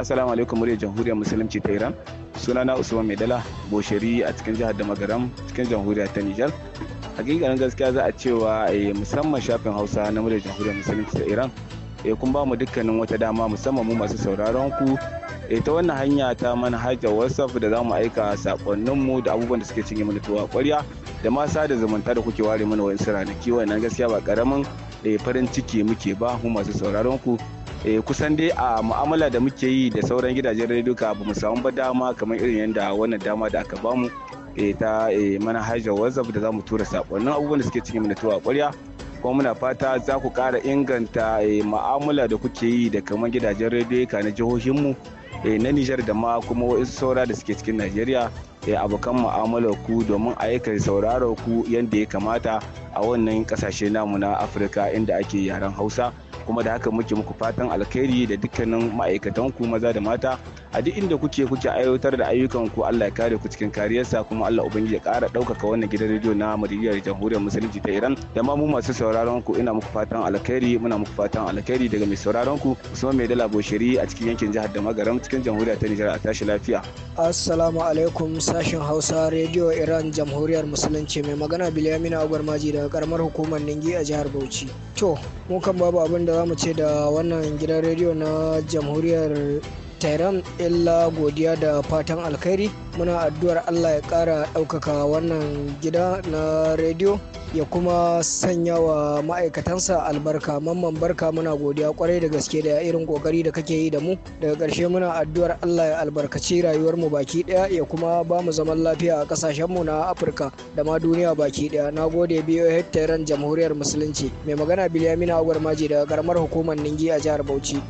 Assalamu alaikum muryar jamhuriyar musulunci ta Iran suna sunana Usman Maidala Bosheri a cikin jihar Damagaram cikin jamhuriyar ta Nijar. Hakikanin gaskiya za a cewa eh, musamman shafin Hausa na muryar jamhuriyar musulunci ta Iran. Eh, kun ba mu dukkanin wata dama musamman mu masu sauraron ku ita eh, wannan hanya ta manhajar whatsapp da za mu aika sakonninmu da abubuwan da suke cinye mana tuwa kwarya da ma sada zumunta da kuke ware mana wa'insu ranaki wannan gaskiya ba karamin eh, farin ciki muke ba mu masu sauraron ku eh, kusan dai a mu'amala da muke yi da sauran gidajen rediyoka ba mu samu ba dama kamar irin yadda wannan dama da aka bamu ta manhajar whatsapp da za mu tura sakonnin abubuwan da suke cinye mana tuwa kwarya kuma muna fata za ku ƙara inganta mu'amala da kuke yi da kamar gidajen ka na jihohinmu Eh, na Nijar da ma kuma wasu saura da suke cikin Najeriya eh, abokan mu'amalar ku domin a yakan sauraro ku yadda ya kamata a wannan kasashe namu na Afirka inda ake yaren Hausa. kuma da haka muke muku fatan alkhairi da dukkanin ma'aikatan ku maza da mata a duk inda kuke kuke aiwatar da ayyukan ku Allah ya kare ku cikin kariyarsa kuma Allah ubangiji ya kara ɗaukaka wannan gidan rediyo na muryar jamhuriyar musulunci ta Iran da ma mu masu sauraron ku ina muku fatan alkhairi muna muku fatan alkhairi daga mai sauraron ku Usman Mai Dala Bosheri a cikin yankin jihar Damagaram cikin jamhuriyar ta Nijar a tashi lafiya. Assalamu alaikum sashen Hausa Radio Iran jamhuriyar musulunci mai magana Bilyamina Agwarmaji daga karamar hukumar Ningi a jihar Bauchi. To, mu kan babu abin da mu ce da wannan gidan rediyo na jamhuriyar tehran illa godiya da fatan alkhairi muna addu'ar allah ya ƙara ɗaukaka wannan gida na rediyo ya kuma sanya wa ma'aikatansa albarka mamman barka muna godiya kwarai da gaske da irin kokari da kake yi da mu daga karshe muna addu'ar allah ya albarkaci rayuwar mu baki ɗaya ya kuma ba mu zaman lafiya a ƙasashen mu na afirka da ma duniya baki ɗaya na gode biyo taron jamhuriyar musulunci mai magana biliyamina agwar maji daga karamar hukumar ningi a jihar bauchi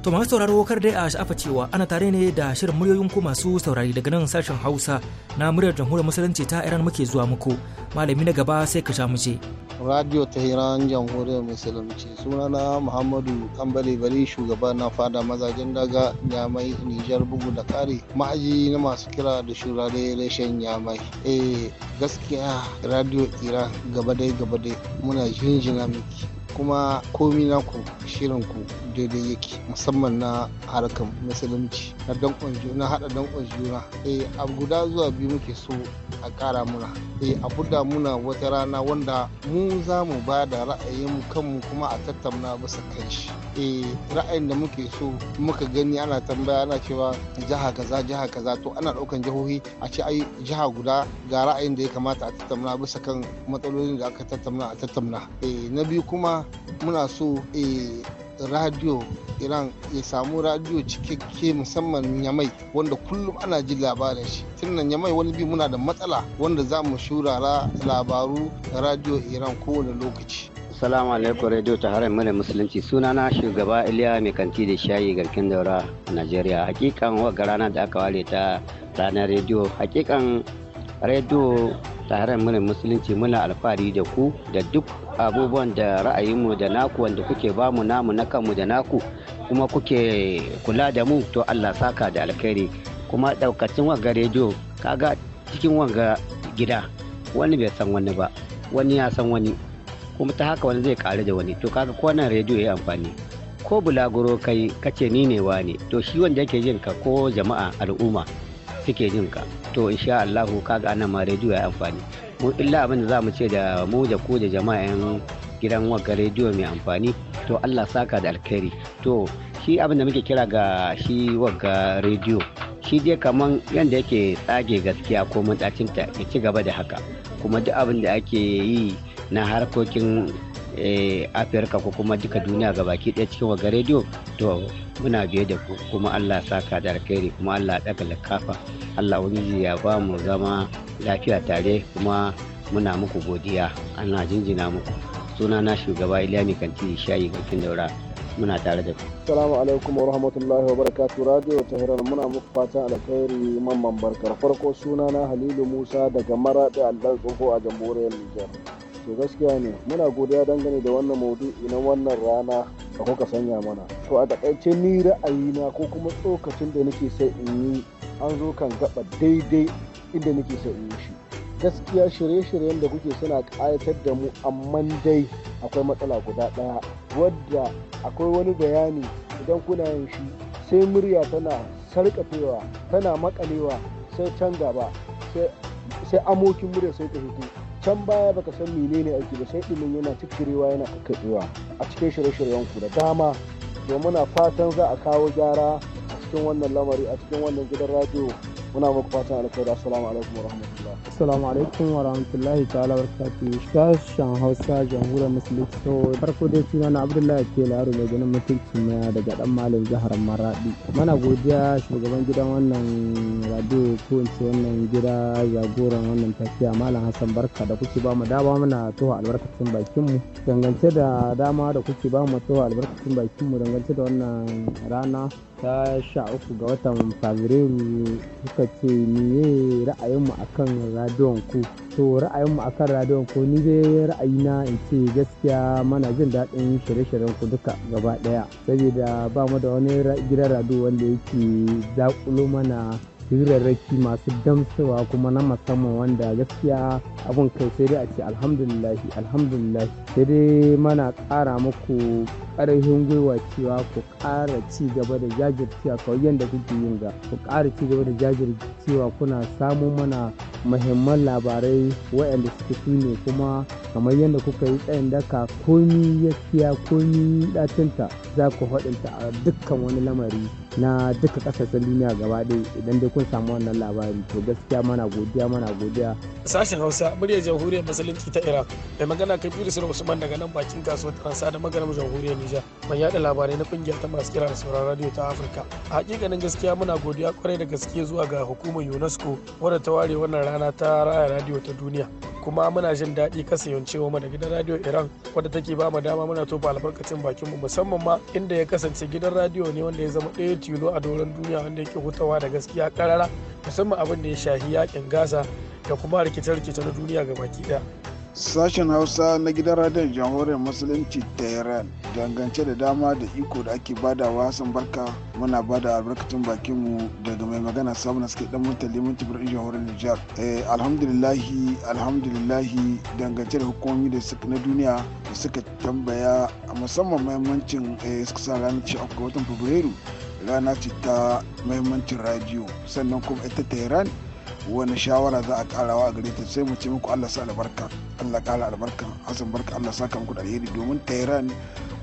To masu sauraro kar dai a sha'afa cewa ana tare ne da shirin muryoyin ku masu saurari daga nan sashen Hausa na muryar jamhuriyar musulunci ta Iran muke zuwa muku. Malami na gaba sai ka sha mu ce. Radio Tehran jamhuriyar musulunci sunana Muhammadu Kambale Bari shugaba na fada mazajen daga Nyamai Nijar bugu da kare ma'aji na masu kira da shurare reshen Nyamai. Eh gaskiya Radio Iran gaba dai gaba dai muna jinjina miki. kuma komi naku shirin ku daidai yake musamman na harkar musulunci na dankon juna hada dankon juna eh abu guda zuwa biyu muke so a kara muna eh a buda muna wata rana wanda mu za mu ba da ra'ayin kanmu kuma a tattauna bisa kan shi eh ra'ayin da muke so muka gani ana tambaya ana cewa jiha kaza jiha kaza to ana daukan jihohi a ce ai jiha guda ga ra'ayin da ya kamata a tattauna bisa kan matsalolin da aka tattauna a tattauna eh na biyu kuma muna so e, radio iran ya samu radio cikakke musamman yamai wanda kullum ana ji labarin shi tun nan yamai wani bi muna da matsala wanda za mu shura labaru radio iran kowane lokaci Assalamu alaikum Radio harin mana Musulunci sunana shugaba Iliya mai kanti da shayi garkin daura a Najeriya. Hakikan wa rana da aka ware ta ranar rediyo. Hakikan rediyo tare mana musulunci muna alfahari da ku da duk abubuwan da ra'ayinmu da naku wanda kuke bamu namu na kanmu da naku kuma kuke kula da mu to Allah saka da alkhairi kuma daukacin wanga rediyo kaga cikin wanga gida wani bai san wani ba wani ya san wani kuma ta haka wani zai kare da wani to kaga ko nan rediyo ya amfani ko bulaguro kai kace ni ne to shi wanda yake yin ka ko jama'a al'umma suke jin ka to insha Allahu kaga anan ma rediyo ya amfani mu illa abin da zamu ce da mu da ku da jama'an gidan wagga rediyo mai amfani to Allah saka da alkhairi to shi abin da muke kira ga shi wagga rediyo shi dai kaman yadda yake tsage gaskiya ko matacinta ya ci gaba da haka kuma duk abin da ake yi na harkokin Eh, afirka ko kuma duka duniya ga baki ɗaya cikin waga rediyo to muna biye da ku kuma allah saka da alkhairi kuma allah ɗaga likafa allah wani ya ba mu zama lafiya tare kuma muna muku godiya ana jinjina muku suna na shugaba iliya mai kanti shayi bakin daura muna tare da ku. Salamu alaikum wa rahmatullahi wa barakatuh Radio Tehran muna muku fatan alkhairi mamman barkar farko suna na Halilu Musa daga Maraɗi Allah Tsoho a jamhuriyar Nijar. to gaskiya ne muna godiya dangane da wannan maudu'i na wannan rana da kuka sanya mana to a takaice ni ra'ayi na ko kuma tsokacin da nake sai in yi an zo kan gaba daidai inda nake sai in yi shi gaskiya shirye-shiryen da kuke suna ƙayatar da mu amma dai akwai matsala guda ɗaya wadda akwai wani bayani idan kuna yin shi sai murya tana sarƙafewa tana makalewa sai can gaba sai amokin murya sai ta fito can baya baka san menene ake ba sai ɗumin yana tikkirewa yana kakkaɓewa a cikin shirye-shiryen ku da dama domin muna fatan za a kawo gyara a cikin wannan lamari a cikin wannan gidan radio muna muku fatan alkhairi assalamu alaikum wa rahmatullah assalamu alaikum wa rahmatullahi ta'ala barakatuhu sashen hausa jamhuriyar musulunci to farko dai suna na abdullahi ke laro mai ganin mutunci na daga dan malam jihar maradi mana godiya shugaban gidan wannan radio ko in ce wannan gida jagoran wannan tafiya malam hassan barka da kuke ba mu dama muna tuhu albarkacin bakin mu dangance da dama da kuke ba mu toha albarkacin bakin mu dangance da wannan rana ta sha uku ga watan fabrairu suka ce niye ra'ayinmu akan radiyon ku to ra'ayinmu akan radiyon ku ni ra'ayi na in ce gaskiya mana jin daɗin shirye-shiryen ku duka gaba ɗaya saboda ba mu da wani gidan rado wanda yake zaƙulo mana hirarraki masu damsawa kuma na musamman wanda gaskiya abun kai sai dai a ce alhamdulillahi alhamdulillahi sai dai mana ƙara muku ƙarfin gwiwa cewa ku ƙara ci gaba da jajircewa kawai yadda kuke yin ga ku ƙara ci gaba da jajircewa kuna samu mana muhimman labarai waɗanda suke su ne kuma kamar yadda kuka yi tsayin daka komi ya siya komi ɗacinta za ku haɗinta a dukkan wani lamari na duka kasashen duniya gaba ɗaya idan dai kun samu wannan labari to gaskiya mana godiya mana godiya sashen hausa murya jamhuriyar musulunci ta iran mai magana kabiru sura usman daga nan bakin kasuwar transa da maganar jamhuriyar nijar mai yada labarai na kungiyar ta masu kira da sauran radio ta afirka a hakikanin gaskiya muna godiya kwarai da gaske zuwa ga hukumar unesco wadda ta ware wannan rana ta raya radio ta duniya kuma muna jin daɗi kasancewa mu da gidan radio iran wadda take ba mu dama muna tofa albarkacin bakin mu musamman ma inda ya kasance gidan radio ne wanda ya zama ɗaya tilo a doron duniya wanda yake hutawa da gaskiya karara musamman abin da ya shahi yakin gaza da kuma rikice-rikice na duniya ga baki ɗaya Sashen Hausa na gidan radiyon jamhuriyar Musulunci Tehran dangance da dama da iko da ake badawa sun barka muna bada albarkacin bakinmu daga mai magana samun suke dan mutali mun tibirin jamhuriyar Nijar. Eh, alhamdulillahi alhamdulillahi dangance da hukumomi da suka na duniya da suka tambaya musamman mahimmancin eh, suka sa ranar ce watan Fabrairu rana ce ta mahimmancin radiyo sannan kuma ita Tehran wani shawara za a karawa a gare ta sai mu ce muku Allah sa albarka Allah kara albarka asan barka Allah saka muku da alheri domin Tehran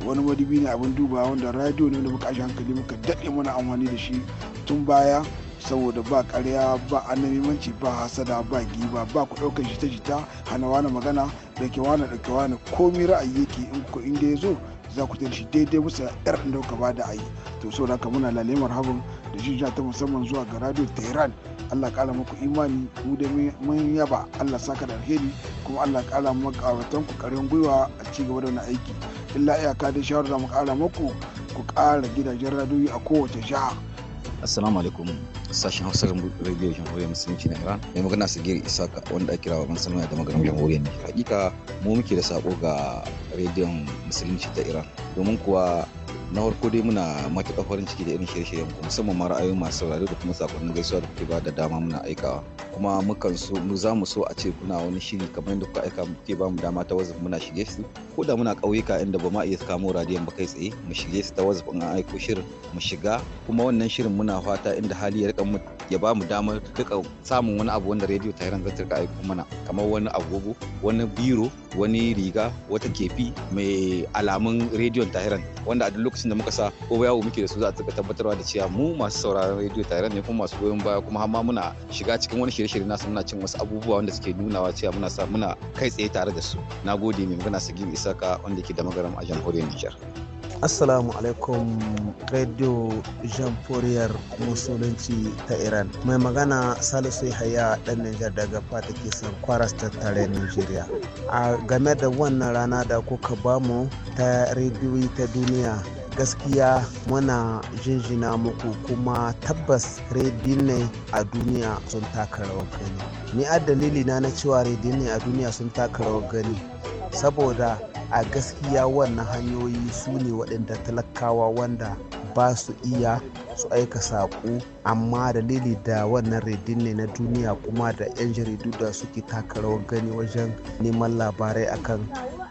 wani madubi ne abin duba wanda radio ne da muka ashi hankali muka daɗe muna amfani da shi tun baya saboda ba karya ba annabimanci ba hasada ba giba ba ku ɗaukar jita-jita hana wani magana ke wani ɗauke wani komi ra'ayi yake in ku inda ya zo za ku tashi shi daidai musa yar dauka ba da ayi to saboda haka muna lalemar habin da shi ta musamman zuwa ga radio tehran Allah kara muku imani mu da mun yaba Allah saka da alheri kuma Allah kara muku kawatan ku karin gwiwa a ci gaba da aiki illa iyaka da shawar da mu muku ku kara gidajen radiyo a kowace jiha assalamu alaikum sashen da radio jamhuriyar musulunci na iran mai magana su giri isaka wanda ake kira babban sanar da maganar jamhuriyar ne hakika mu muke da sako ga rediyon musulunci ta iran domin kuwa na farko dai muna matuƙar farin ciki da irin shirye-shiryen ku musamman ma ra'ayoyin masu saurari da kuma sakonnin gaisuwa da kuke ba da dama muna aikawa kuma mukan so mu za mu so a ce kuna wani shiri kamar yadda kuka aika kuke ba mu dama ta wazaf muna shirye su ko da muna ƙauyuka inda ba ma iya kamo radiyon ba kai tsaye mu shige su ta wazaf in an aiko shirin mu shiga kuma wannan shirin muna fata inda hali ya rika ya ba mu damar duka samun wani abu wanda rediyo tahiran zata rika aiko mana kamar wani agogo wani biro wani riga wata kefi mai alamun rediyon tahiran wanda a duk lokacin da muka sa ko yawo muke da su za a tsaka tabbatarwa da cewa mu masu sauraron rediyo tahiran ne kuma masu goyon baya kuma har ma muna shiga cikin wani shirye-shirye na muna cin wasu abubuwa wanda suke nunawa cewa muna sa muna kai tsaye tare da su nagode mai magana sagin isaka wanda ke da magaram a jamhuriyar Nijar. assalamu alaikum radio jamhuriyar musulunci ta iran mai magana salisu haya dan niger daga fata ke san kwaras tattare nigeria a game da wannan rana da kuka bamu ta rediyoyi ta duniya gaskiya muna jinjina muku kuma tabbas redin ne a duniya sun taka rawar gani ni a dalili na na cewa redin ne a duniya sun taka rawar gani saboda a gaskiya wannan hanyoyi su ne waɗanda talakawa wanda ba su iya su aika saƙo amma dalili da wannan redin ne na duniya kuma da 'yan jaridu da suke taka rawar gani wajen neman labarai akan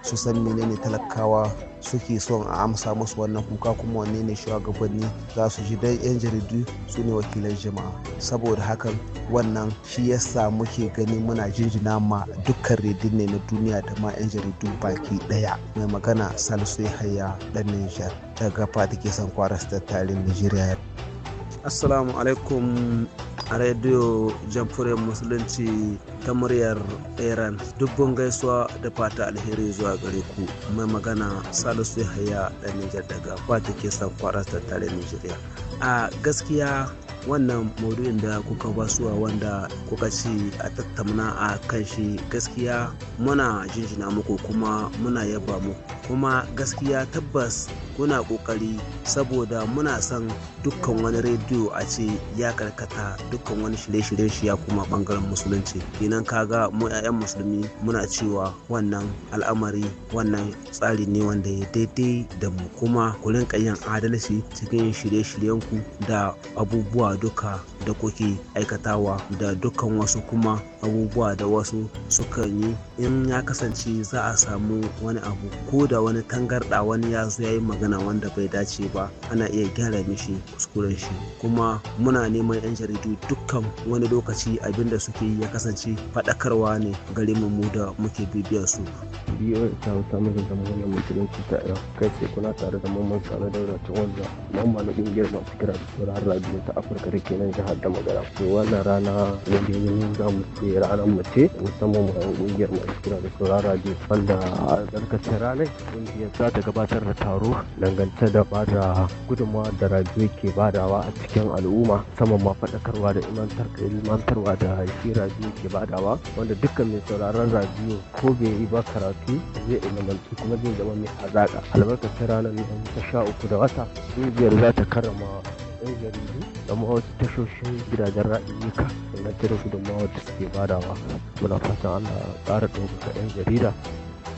su san menene talakawa suke son a amsa musu wannan kuka kuma wanne ne shugabanni za su ji dan yan jaridu su ne wakilan jama'a saboda hakan wannan shi yasa muke gani muna jinjina ma dukkan redin ne na duniya da ma yan jaridu baki daya mai magana salisu yahaya dan nijar daga fata ke san kwaras tattalin nigeria assalamu alaikum a rediyo jamfure musulunci ta muryar iran dubban gaisuwa da fata alheri zuwa gare ku mai magana salisu haya da nijar daga fata ke san kwara nijeriya a gaskiya wannan maudu'in da kuka basuwa wanda kuka ci a tattauna a kan shi gaskiya muna jinjina muku kuma muna yaba muku kuma gaskiya tabbas kuna kokari saboda muna son dukkan wani rediyo a ce ya karkata dukkan wani shirye-shiryen shi ya kuma bangaren musulunci kenan ga mu 'ya'yan musulmi muna cewa wannan al'amari wannan tsari ne wanda ya daidai da mu kuma ku adalci cikin shirye-shiryenku da abubuwa duka da kuke aikatawa da dukkan wasu kuma abubuwa da wasu sukan yi in ya kasance za a samu wani abu ko da da wani tangarɗa wani ya zo ya yi magana wanda bai dace ba ana iya gyara mishi kuskuren shi kuma muna neman 'yan jaridu dukkan wani lokaci abin da suke ya kasance faɗakarwa ne gare mu da muke bibiyar su. biyo ta hauta mijin da magana musulunci ta ya kai sai kuna tare da mamman sanu da wata wanda mamma na ƙungiyar masu kira da sauran ta afirka da ke nan jihar da magana to wannan rana ne da za mu ce ranar mace musamman mu ƙungiyar masu kira da sauran radio wanda a tsarkace ranar kungiyar za ta gabatar da taro dangance da ba da gudunmawa da rajiyo ke badawa a cikin al'umma saman ma faɗakarwa da ilmantarwa da shi rajiyo ke badawa wanda dukkan mai sauraron rajiyo ko bai yi ba karatu zai ilmantu kuma zai zama mai hazaƙa albarkacin ranar ta sha uku da wata ƙungiyar za ta karrama yan jaridu da wasu tashoshin gidajen ra'ayyuka da na gudunmawa da suke badawa muna fatan allah ƙara ɗaukaka yan jarida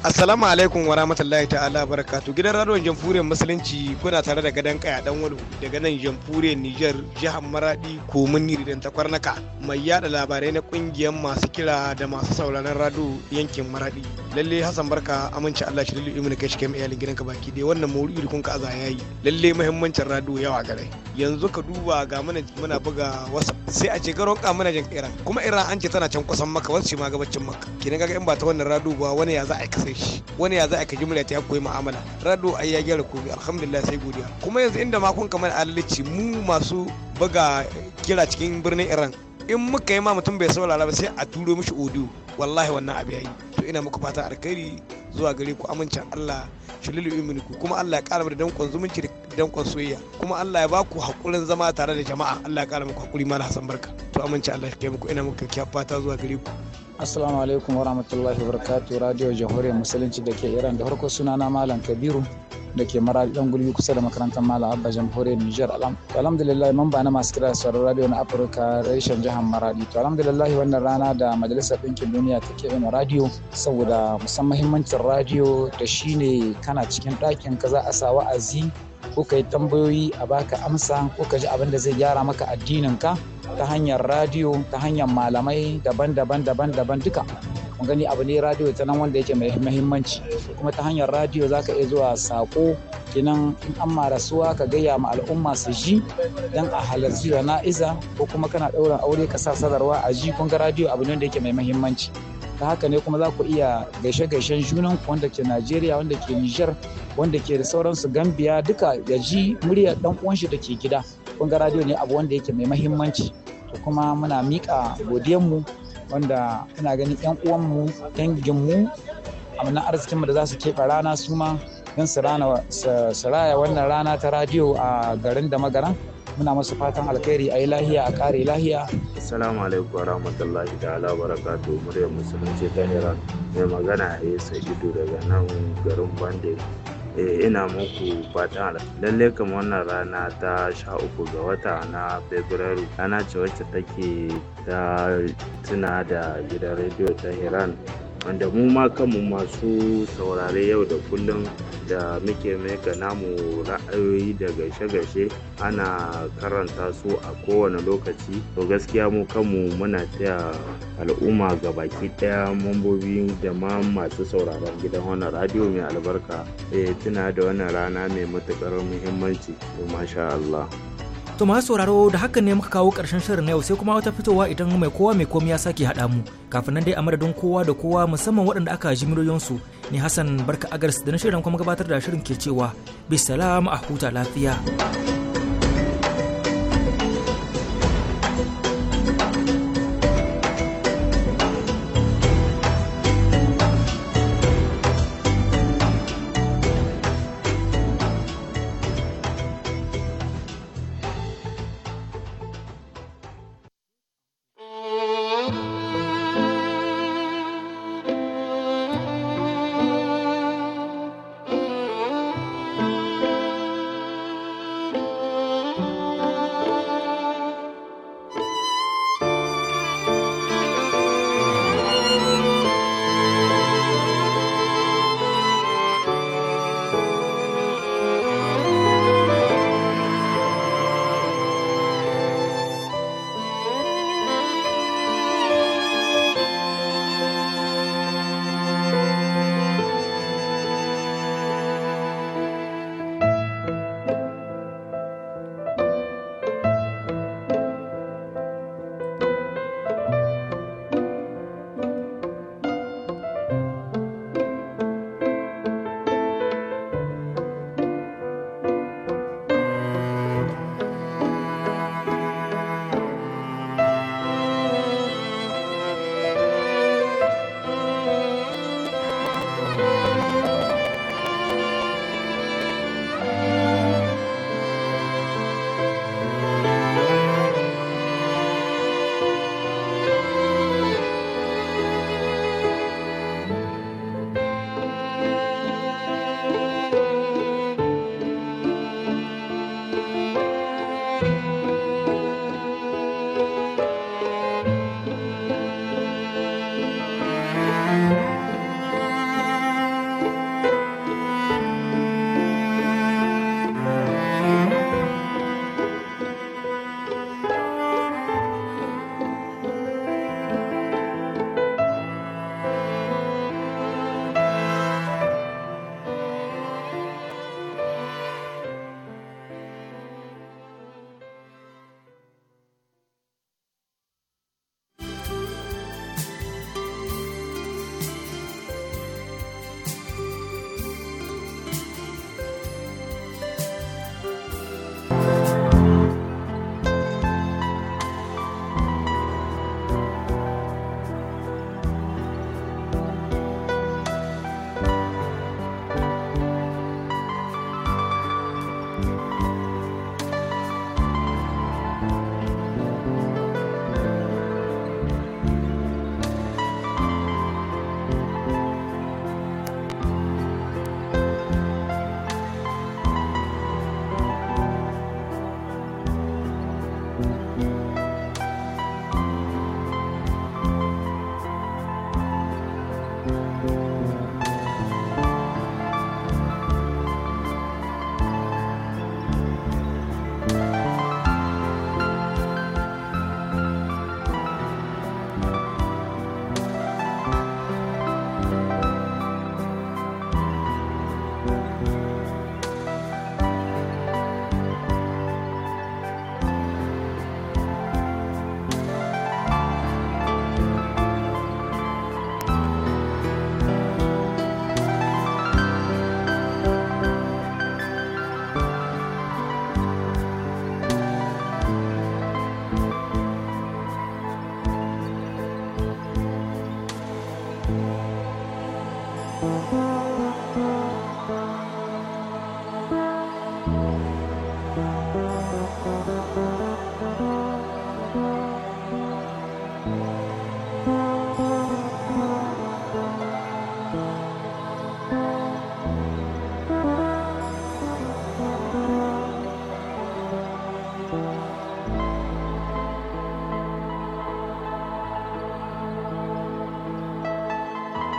Assalamu alaikum wa rahmatullahi ta'ala barakatu gidan radon jamhuriyar musulunci kuna tare da gadan kaya dan walu daga nan jamhuriyar Nijar jihar Maradi komin Niridan takwarnaka mai yada labarai na kungiyar masu kira da masu sauraron radio yankin Maradi lalle Hassan Barka amince Allah shi lalle imini kai shi kai iyalin gidanka baki dai wannan maudu'i da kun ka aza yayi lalle muhimmancin radio yawa gare yanzu ka duba ga mana muna buga wasa sai a ce garon ka muna jin Iran kuma Iran an ce tana can kusan maka wasu ma gabacin maka ki ga in ba ta wannan radio ba wani ya za a kasa shi wani ya za a kaji murya ta koyi mu'amala radio ai ya gyara komai alhamdulillah sai godiya kuma yanzu inda ma kun mana alalci mu masu buga kira cikin birnin Iran in muka yi ma mutum bai saurara ba sai a turo mishi audio wallahi wannan abu yayi ina muku fata alkhairi zuwa gare ku amincin Allah shi lulluɓe ku kuma Allah ya ƙara da dankon zumunci da dankon soyayya kuma Allah ya baku hakurin zama tare da jama'a Allah ya ƙara muku hakuri mana hasan Barka to amincin Allah ya kai muku ina muku kyakkyawa fata zuwa gare ku Assalamu alaikum wa rahmatullahi wa barakatuh Radio Jamhuriyar Musulunci da ke Iran da farko na Malam Kabiru da ke mara dan gulbi kusa da makarantar Malam Abba Jamhuriyar Nijar Alam. alhamdulillah mamba na masu kira sauran radio na Afirka reshen jihar Maradi. To alhamdulillah wannan rana da Majalisar Dinkin Duniya ta take yin radio saboda musamman muhimmancin radio da shine kana cikin ɗakin ka za a sa wa'azi ko ka yi tambayoyi a baka amsa ko ka ji abin da zai gyara maka addininka ta hanyar radiyo ta hanyar malamai daban-daban daban-daban duka mun gani abu ne radiyo ta nan wanda yake mai muhimmanci kuma ta hanyar radiyo za ka iya zuwa sako kinan in an ma rasuwa ka gayya ma al'umma su ji dan a halarci da na'iza ko kuma kana ɗaurin aure ka sa sadarwa a ji kun ga radiyo abu ne wanda yake mai muhimmanci ta haka ne kuma za ku iya gaishe-gaishen junan wanda ke najeriya wanda ke niger wanda ke da sauransu gambia duka ya ji muryar dan uwan shi da gida kun ga radio ne abu wanda yake mai muhimmanci. to kuma muna miƙa godiyanmu wanda ina ganin yan mu amma na mu da za su keɓe rana su ma don su raya wannan rana ta radio a garin da magaran muna masu fatan alkhairi a yi lahiya a kare lahiya assalamu alaikum wa rahmatullahi ta'ala barakatu muryar musulunci ta iran mai magana ya sa'idu daga nan garin bande eh, ina muku fatan ala lalle kamar wannan rana ta sha uku ga wata na february Ana ce wacce take ta tuna da gidan rediyo ta iran wanda mu ma kanmu masu saurare yau da kullum da muke ga namu ra'ayoyi da gaishe-gaishe ana karanta su a kowane lokaci to gaskiya mu kanmu muna taya al'umma ga baki daya mambobi da ma masu sauraron gidan wannan radio mai albarka eh, tuna da wannan rana mai matuƙar muhimmanci to masha Allah. To masu sauraro da hakan ne muka kawo ƙarshen shirin na yau sai kuma wata fitowa idan mai kowa mai komai ya sake haɗa mu. Kafin nan dai a madadin kowa da kowa musamman waɗanda aka ji su ne Hassan Barka Agars da na shirin kuma gabatar da shirin ke cewa bisalam a huta lafiya.